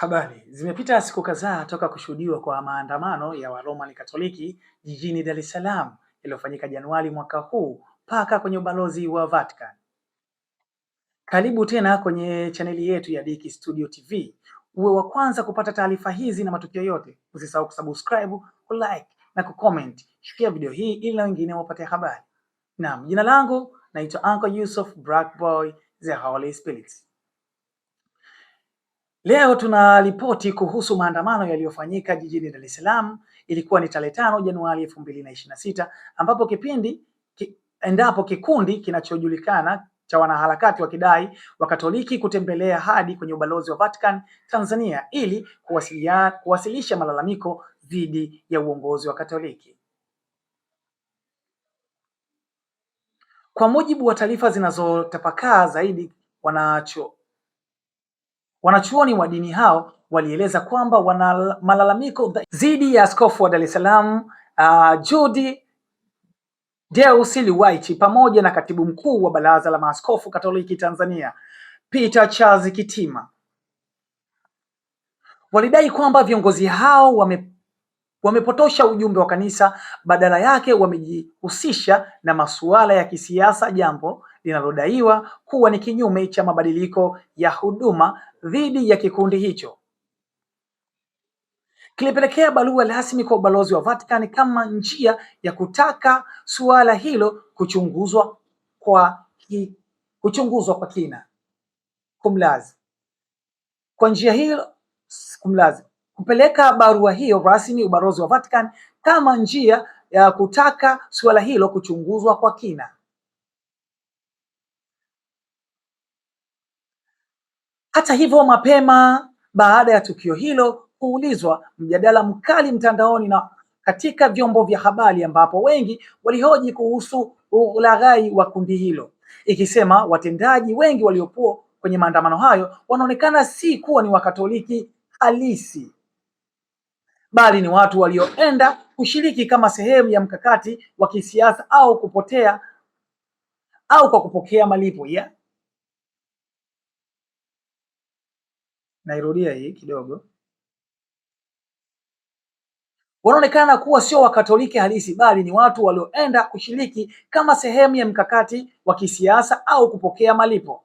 Habari. Zimepita siku kadhaa toka kushuhudiwa kwa maandamano ya waroman Katoliki jijini Dar es Salaam yaliyofanyika Januari mwaka huu mpaka kwenye ubalozi wa Vatican. Karibu tena kwenye chaneli yetu ya Dicky Studio TV. Uwe wa kwanza kupata taarifa hizi na matukio yote. Usisahau kusubscribe, kulike na kucomment. shukia video hii ili na wengine wapate habari. Naam, jina langu naitwa Uncle Yusuf Black the Holy Spirit. Leo tuna ripoti kuhusu maandamano yaliyofanyika jijini Dar es Salaam. Ilikuwa ni tarehe tano Januari elfu mbili na ishirini na sita ambapo kipindi ki, endapo kikundi kinachojulikana cha wanaharakati wa kidai wa katoliki kutembelea hadi kwenye ubalozi wa Vatican Tanzania ili kuwasilia, kuwasilisha malalamiko dhidi ya uongozi wa Katoliki. Kwa mujibu wa taarifa zinazotapakaa zaidi wanacho Wanachuoni wa dini hao walieleza kwamba wana malalamiko dhidi ya askofu wa Dar es Salaam uh, Jude Deus Liwaichi pamoja na katibu mkuu wa Baraza la Maaskofu Katoliki Tanzania Peter Charles Kitima. Walidai kwamba viongozi hao wame wamepotosha ujumbe wa kanisa, badala yake wamejihusisha na masuala ya kisiasa, jambo linalodaiwa kuwa ni kinyume cha mabadiliko ya huduma dhidi ya kikundi hicho kilipelekea barua rasmi kwa ubalozi wa Vatican kama njia ya kutaka suala hilo kuchunguzwa kwa ki, kuchunguzwa kwa kina kumlazi kwa njia hiyo kumlazi kupeleka barua hiyo rasmi ubalozi wa Vatican kama njia ya kutaka suala hilo kuchunguzwa kwa kina. Hata hivyo, mapema baada ya tukio hilo kuulizwa, mjadala mkali mtandaoni na katika vyombo vya habari ambapo wengi walihoji kuhusu ulaghai wa kundi hilo, ikisema watendaji wengi waliopo kwenye maandamano hayo wanaonekana si kuwa ni Wakatoliki halisi bali ni watu walioenda kushiriki kama sehemu ya mkakati wa kisiasa au kupotea au kwa kupokea malipo ya nairudia hii kidogo, wanaonekana kuwa sio Wakatoliki halisi bali ni watu walioenda kushiriki kama sehemu ya mkakati wa kisiasa au kupokea malipo.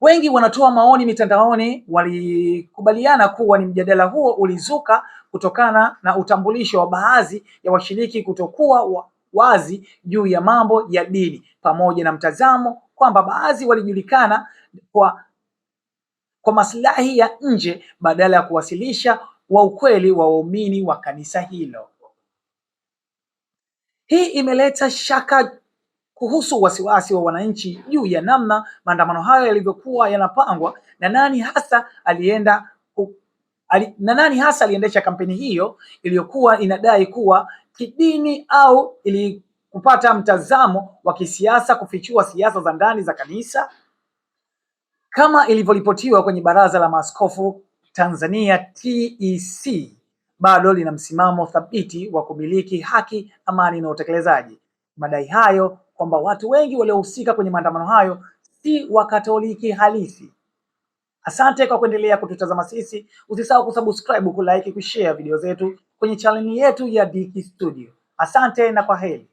Wengi wanatoa maoni mitandaoni walikubaliana kuwa ni mjadala huo ulizuka kutokana na utambulisho wa baadhi ya washiriki kutokuwa wa wazi juu ya mambo ya dini pamoja na mtazamo kwamba baadhi walijulikana kwa kwa maslahi ya nje badala ya kuwasilisha wa ukweli wa waumini wa kanisa hilo. Hii imeleta shaka kuhusu wasiwasi wa wananchi juu ya namna maandamano hayo yalivyokuwa yanapangwa na nani hasa alienda ali, na nani hasa aliendesha kampeni hiyo iliyokuwa inadai kuwa kidini au ili kupata mtazamo wa kisiasa, kufichua siasa za ndani za kanisa. Kama ilivyoripotiwa kwenye Baraza la Maaskofu Tanzania TEC, bado lina msimamo thabiti wa kumiliki haki, amani na utekelezaji. Madai hayo kwamba watu wengi waliohusika kwenye maandamano hayo si Wakatoliki halisi. Asante kwa kuendelea kututazama sisi. Usisahau kusubscribe, kulike, kushare video zetu kwenye chaneli yetu ya Dicky Studio. Asante na kwa heri